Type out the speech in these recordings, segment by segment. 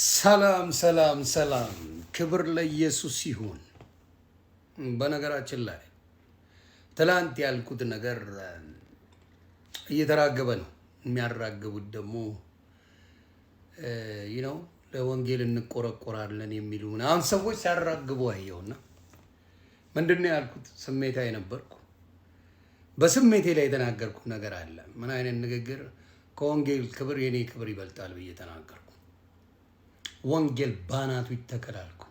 ሰላም ሰላም ሰላም፣ ክብር ለኢየሱስ ይሁን። በነገራችን ላይ ትላንት ያልኩት ነገር እየተራገበ ነው። የሚያራግቡት ደግሞ ነው ለወንጌል እንቆረቆራለን የሚሉ አሁን ሰዎች ሲያራግቡ አየውና ምንድን ነው ያልኩት? ስሜታዊ ነበርኩ። በስሜቴ ላይ የተናገርኩት ነገር አለ። ምን አይነት ንግግር! ከወንጌል ክብር የኔ ክብር ይበልጣል ብዬ ተናገርኩ። ወንጌል ባናቱ ይተከላልኩ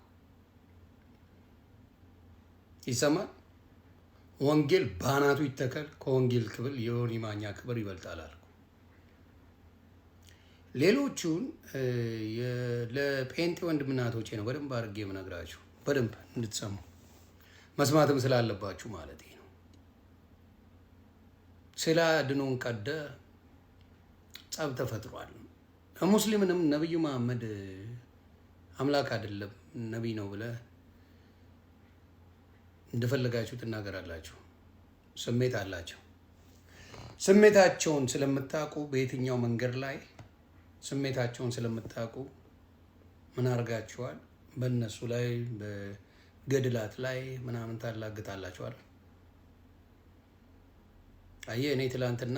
ይሰማል። ወንጌል ባናቱ ይተከል፣ ከወንጌል ክብል የዮኒ ማኛ ክብር ይበልጣል አልኩ። ሌሎቹን ለጴንጤ ወንድምናቶቼ ነው በደንብ አድርጌ የምነግራችሁ፣ በደንብ እንድትሰሙ መስማትም ስላለባችሁ ማለት ነው። ስለ አድኖን ቀደ ጸብ ተፈጥሯል። ሙስሊምንም ነቢዩ መሐመድ አምላክ አይደለም ነቢይ ነው ብለ እንደፈለጋችሁ ትናገራላችሁ። ስሜት አላቸው። ስሜታቸውን ስለምታውቁ በየትኛው መንገድ ላይ ስሜታቸውን ስለምታውቁ ምን አድርጋችኋል? በእነሱ ላይ በገድላት ላይ ምናምን ታላግታላችኋል። አየህ እኔ ትላንትና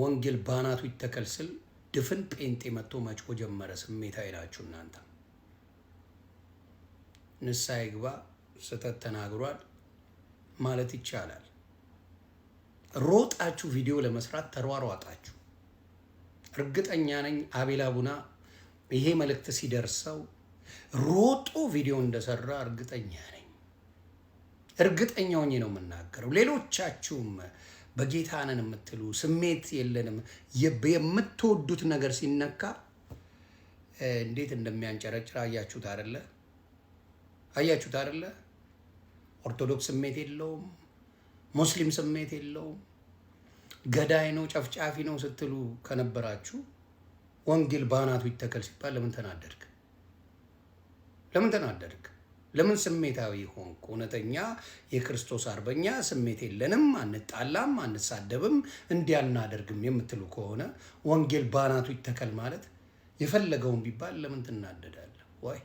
ወንጌል ባናቱ ይተከል ስል ድፍን ጴንጤ መጥቶ መጭቆ ጀመረ። ስሜት አይላችሁ እናንተ ንሳ ይግባ ስህተት ተናግሯል ማለት ይቻላል። ሮጣችሁ ቪዲዮ ለመስራት ተሯሯጣችሁ። እርግጠኛ ነኝ አቤላ ቡና ይሄ መልእክት ሲደርሰው ሮጦ ቪዲዮ እንደሰራ እርግጠኛ ነኝ። እርግጠኛ ሆኜ ነው የምናገረው። ሌሎቻችሁም በጌታንን የምትሉ ስሜት የለንም የምትወዱት ነገር ሲነካ እንዴት እንደሚያንጨረጭር አያችሁት አይደለ? አያችሁት አይደለ? ኦርቶዶክስ ስሜት የለውም፣ ሙስሊም ስሜት የለውም። ገዳይ ነው ጨፍጫፊ ነው ስትሉ ከነበራችሁ ወንጌል በአናቱ ይተከል ሲባል ለምን ተናደድክ? ለምን ተናደድክ? ለምን ስሜታዊ ሆንኩ? እውነተኛ የክርስቶስ አርበኛ ስሜት የለንም፣ አንጣላም፣ አንሳደብም፣ እንዲህ አናደርግም የምትሉ ከሆነ ወንጌል ባናቱ ይተከል ማለት የፈለገውን ቢባል ለምን ትናደዳለህ? ወይ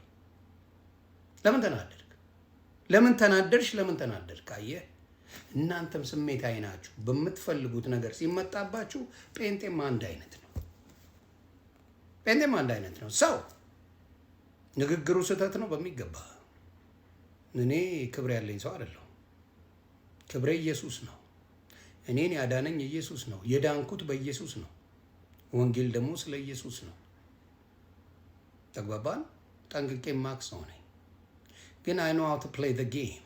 ለምን ተናደድክ? ለምን ተናደድሽ? ለምን ተናደድክ? አየህ፣ እናንተም ስሜታዊ ናችሁ። በምትፈልጉት ነገር ሲመጣባችሁ፣ ጴንጤም አንድ አይነት ነው። ጴንጤም አንድ አይነት ነው። ሰው ንግግሩ ስህተት ነው በሚገባ እኔ ክብር ያለኝ ሰው አይደለሁም። ክብሬ ኢየሱስ ነው። እኔን ያዳነኝ ኢየሱስ ነው። የዳንኩት በኢየሱስ ነው። ወንጌል ደግሞ ስለ ኢየሱስ ነው። ተግባባን። ጠንቅቄ ማክ ሰው ነኝ፣ ግን አይ ኖ ሃው ቱ ፕሌይ ዘ ጌም።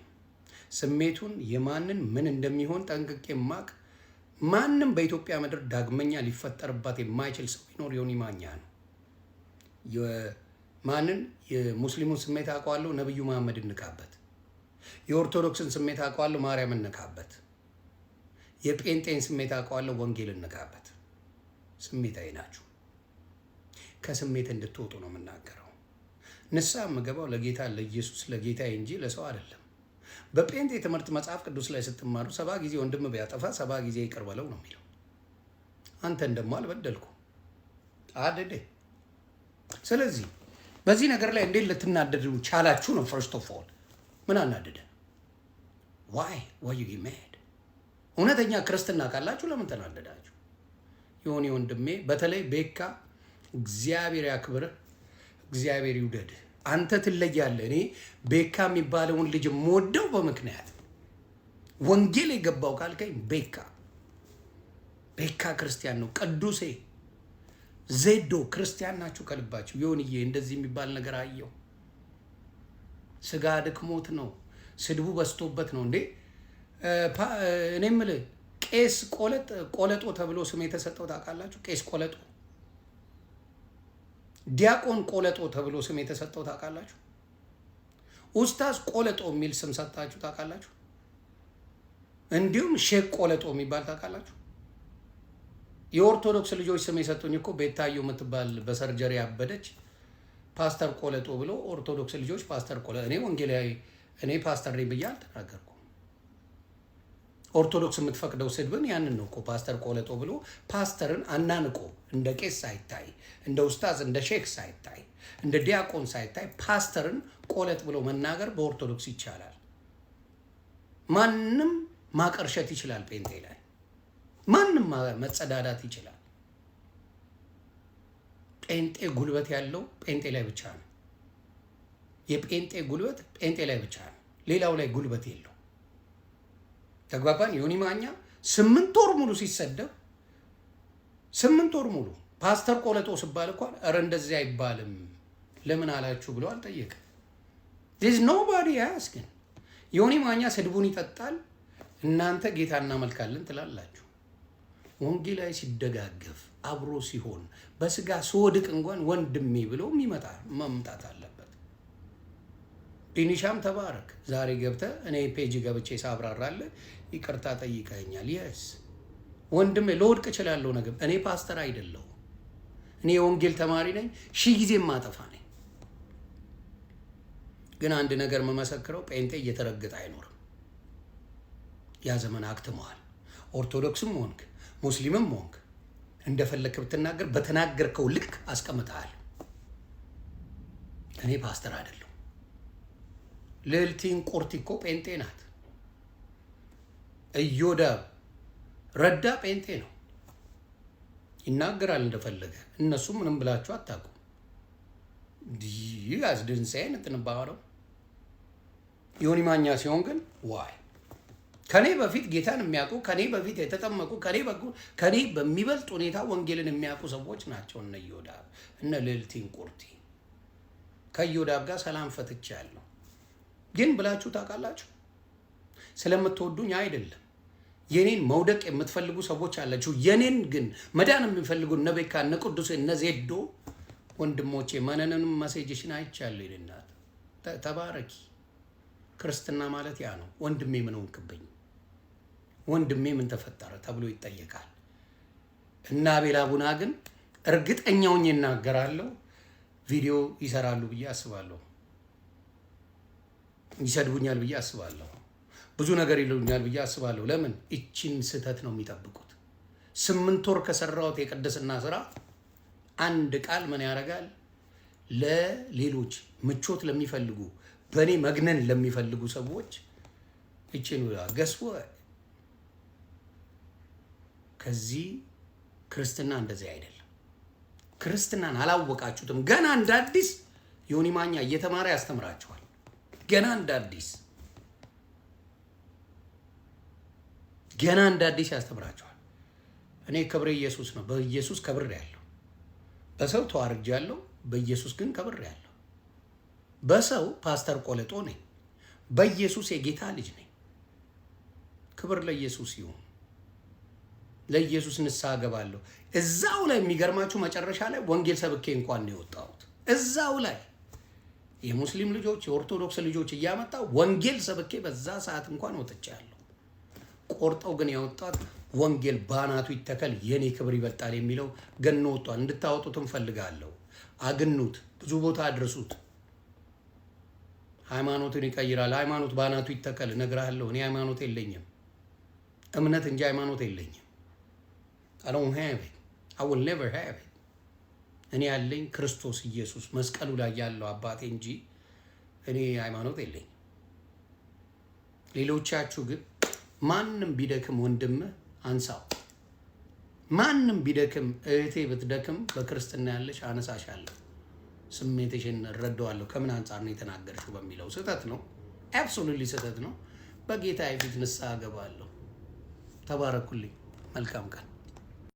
ስሜቱን የማንን ምን እንደሚሆን ጠንቅቄ ማቅ። ማንም በኢትዮጵያ ምድር ዳግመኛ ሊፈጠርባት የማይችል ሰው ቢኖር ዮኒ ማኛ ነው። ማንን? የሙስሊሙን ስሜት አውቀዋለሁ፣ ነቢዩ መሐመድ እንካበት። የኦርቶዶክስን ስሜት አውቀዋለሁ፣ ማርያም እንካበት። የጴንጤን ስሜት አውቀዋለሁ፣ ወንጌል እንካበት። ስሜታዊ ናችሁ። ከስሜት እንድትወጡ ነው የምናገረው። ንስሐ የምገባው ለጌታ ለኢየሱስ ለጌታ እንጂ ለሰው አይደለም። በጴንጤ ትምህርት መጽሐፍ ቅዱስ ላይ ስትማሩ ሰባ ጊዜ ወንድም ቢያጠፋ ሰባ ጊዜ ይቅር በለው ነው የሚለው። አንተን ደግሞ አልበደልኩ አደደ። ስለዚህ በዚህ ነገር ላይ እንዴት ልትናደዱ ቻላችሁ ነው? ፈርስት ኦፍ ኦል ምን አናደደ? ዋይ ዋዩ መሄድ እውነተኛ ክርስትና ካላችሁ ለምን ተናደዳችሁ? ይሁን ወንድሜ በተለይ ቤካ እግዚአብሔር ያክብርህ፣ እግዚአብሔር ይውደድህ። አንተ ትለያለህ። እኔ ቤካ የሚባለውን ልጅ የምወደው በምክንያት ወንጌል የገባው ካልከኝ ቤካ ቤካ ክርስቲያን ነው ቅዱሴ ዜዶ ክርስቲያን ናችሁ ከልባችሁ። ዮንዬ እንደዚህ የሚባል ነገር አየው። ስጋ ድክሞት ነው፣ ስድቡ በስቶበት ነው እንዴ። እኔ ምል ቄስ ቆለጥ ቆለጦ ተብሎ ስም የተሰጠው ታውቃላችሁ? ቄስ ቆለጦ፣ ዲያቆን ቆለጦ ተብሎ ስም የተሰጠው ታውቃላችሁ? ኡስታዝ ቆለጦ የሚል ስም ሰጥታችሁ ታውቃላችሁ? እንዲሁም ሼክ ቆለጦ የሚባል ታውቃላችሁ? የኦርቶዶክስ ልጆች ስም የሰጡኝ እኮ ቤታዮ የምትባል በሰርጀሪ ያበደች ፓስተር ቆለጦ ብሎ ኦርቶዶክስ ልጆች ፓስተር ቆለ እኔ ወንጌላዊ እኔ ፓስተር ነኝ ብዬ አልተናገርኩም። ኦርቶዶክስ የምትፈቅደው ስድብን ያንን ነው እኮ ፓስተር ቆለጦ ብሎ ፓስተርን አናንቆ እንደ ቄስ ሳይታይ እንደ ውስታዝ እንደ ሼክ ሳይታይ እንደ ዲያቆን ሳይታይ ፓስተርን ቆለጥ ብሎ መናገር በኦርቶዶክስ ይቻላል። ማንም ማቀርሸት ይችላል ጴንጤ ላይ መጸዳዳት ይችላል። ጴንጤ ጉልበት ያለው ጴንጤ ላይ ብቻ ነው። የጴንጤ ጉልበት ጴንጤ ላይ ብቻ ነው። ሌላው ላይ ጉልበት የለው። ተግባባን? ዮኒ ማኛ ስምንት ወር ሙሉ ሲሰደብ ስምንት ወር ሙሉ ፓስተር ቆለጦ ሲባል እንኳን ረ እንደዚህ አይባልም ለምን አላችሁ ብሎ አልጠየቅም። ዚስ ኖባዲ አያስክን ዮኒ ማኛ ስድቡን ይጠጣል። እናንተ ጌታ እናመልካለን ትላላችሁ። ላይ ሲደጋገፍ አብሮ ሲሆን በስጋ ስወድቅ እንኳን ወንድሜ ብለውም ይመጣ መምጣት አለበት። ኢኒሻም ተባረክ። ዛሬ ገብተ እኔ ፔጅ ገብቼ ሳብራራለ ይቅርታ ጠይቀኛል። የስ ወንድሜ ለወድቅ እችላለሁ። ነገር እኔ ፓስተር አይደለሁም። እኔ የወንጌል ተማሪ ነኝ። ሺህ ጊዜ ማጠፋ ነኝ። ግን አንድ ነገር መመሰክረው ጴንጤ እየተረገጠ አይኖርም። ያ ዘመን አክትመዋል። ኦርቶዶክስም ሆንክ ሙስሊምም ሆንክ እንደፈለግክ ብትናገር በተናገርከው ልክ አስቀምጠሃል። እኔ ፓስተር አይደለሁ። ልዕልቲን ቆርቲ እኮ ጴንጤ ናት። እዮዳብ ረዳ ጴንጤ ነው፣ ይናገራል እንደፈለገ። እነሱ ምንም ብላችሁ አታውቁም። ይህ አስድንሳይን ንባባለው ዮኒ ማኛ ሲሆን ግን ዋይ ከኔ በፊት ጌታን የሚያውቁ ከኔ በፊት የተጠመቁ ከኔ በኩል ከኔ በሚበልጥ ሁኔታ ወንጌልን የሚያውቁ ሰዎች ናቸው። እነ ዮዳብ እነ ልልቲን ቁርቲ ከዮዳብ ጋር ሰላም ያለው ግን ብላችሁ ታውቃላችሁ? ስለምትወዱኝ አይደለም። የኔን መውደቅ የምትፈልጉ ሰዎች አላችሁ። የኔን ግን መዳን የሚፈልጉ እነ ቤካ፣ እነ ቅዱስ፣ እነ ዜዶ ወንድሞቼ መነንንም መሴጅሽን አይቻለሁ። ይልናት ተባረኪ። ክርስትና ማለት ያ ነው። ወንድሜ ምን ሆንክብኝ? ወንድሜ ምን ተፈጠረ ተብሎ ይጠየቃል። እና አቤል አቡና ግን እርግጠኛውን ይናገራለሁ፣ ቪዲዮ ይሰራሉ ብዬ አስባለሁ። ይሰድቡኛል ብዬ አስባለሁ። ብዙ ነገር ይሉኛል ብዬ አስባለሁ። ለምን እቺን ስህተት ነው የሚጠብቁት? ስምንት ወር ከሰራሁት የቅድስና ስራ አንድ ቃል ምን ያደርጋል? ለሌሎች ምቾት ለሚፈልጉ በእኔ መግነን ለሚፈልጉ ሰዎች እቺን ገስወ ከዚህ ክርስትና እንደዚህ አይደለም። ክርስትናን አላወቃችሁትም። ገና እንደ አዲስ ዮኒ ማኛ እየተማረ ያስተምራችኋል። ገና እንደ አዲስ ገና እንደ አዲስ ያስተምራችኋል። እኔ ክብሬ ኢየሱስ ነው። በኢየሱስ ከብር ያለው በሰው ተዋርጅ ያለው በኢየሱስ ግን ከብር ያለው በሰው ፓስተር ቆለጦ ነኝ፣ በኢየሱስ የጌታ ልጅ ነኝ። ክብር ለኢየሱስ ይሁን። ለኢየሱስ ንስሐ ገባለሁ። እዛው ላይ የሚገርማችሁ መጨረሻ ላይ ወንጌል ሰብኬ እንኳን ነው የወጣሁት። እዛው ላይ የሙስሊም ልጆች የኦርቶዶክስ ልጆች እያመጣ ወንጌል ሰብኬ በዛ ሰዓት እንኳን ወጥቻለሁ። ቆርጠው ግን ያወጣት ወንጌል ባናቱ ይተከል የኔ ክብር ይበልጣል የሚለው ገኖ ወጥቷል። እንድታወጡት እንፈልጋለሁ። አግኑት፣ ብዙ ቦታ አድርሱት። ሃይማኖትን ይቀይራል። ሃይማኖት ባናቱ ይተከል እነግርሃለሁ። እኔ ሃይማኖት የለኝም እምነት እንጂ ሃይማኖት የለኝም። I don't have it. I will never have it. እኔ ያለኝ ክርስቶስ ኢየሱስ መስቀሉ ላይ ያለው አባቴ እንጂ እኔ ሃይማኖት የለኝ። ሌሎቻችሁ ግን ማንም ቢደክም ወንድምህ አንሳው፣ ማንም ቢደክም እህቴ ብትደክም በክርስትና ያለሽ አነሳሻለሁ፣ ስሜትሽን እረዳዋለሁ። ከምን አንጻር ነው የተናገርሽው በሚለው ስህተት ነው። አብሶሉትሊ ስህተት ነው። በጌታ ፊት ንስሐ እገባለሁ። ተባረኩልኝ። መልካም ቀን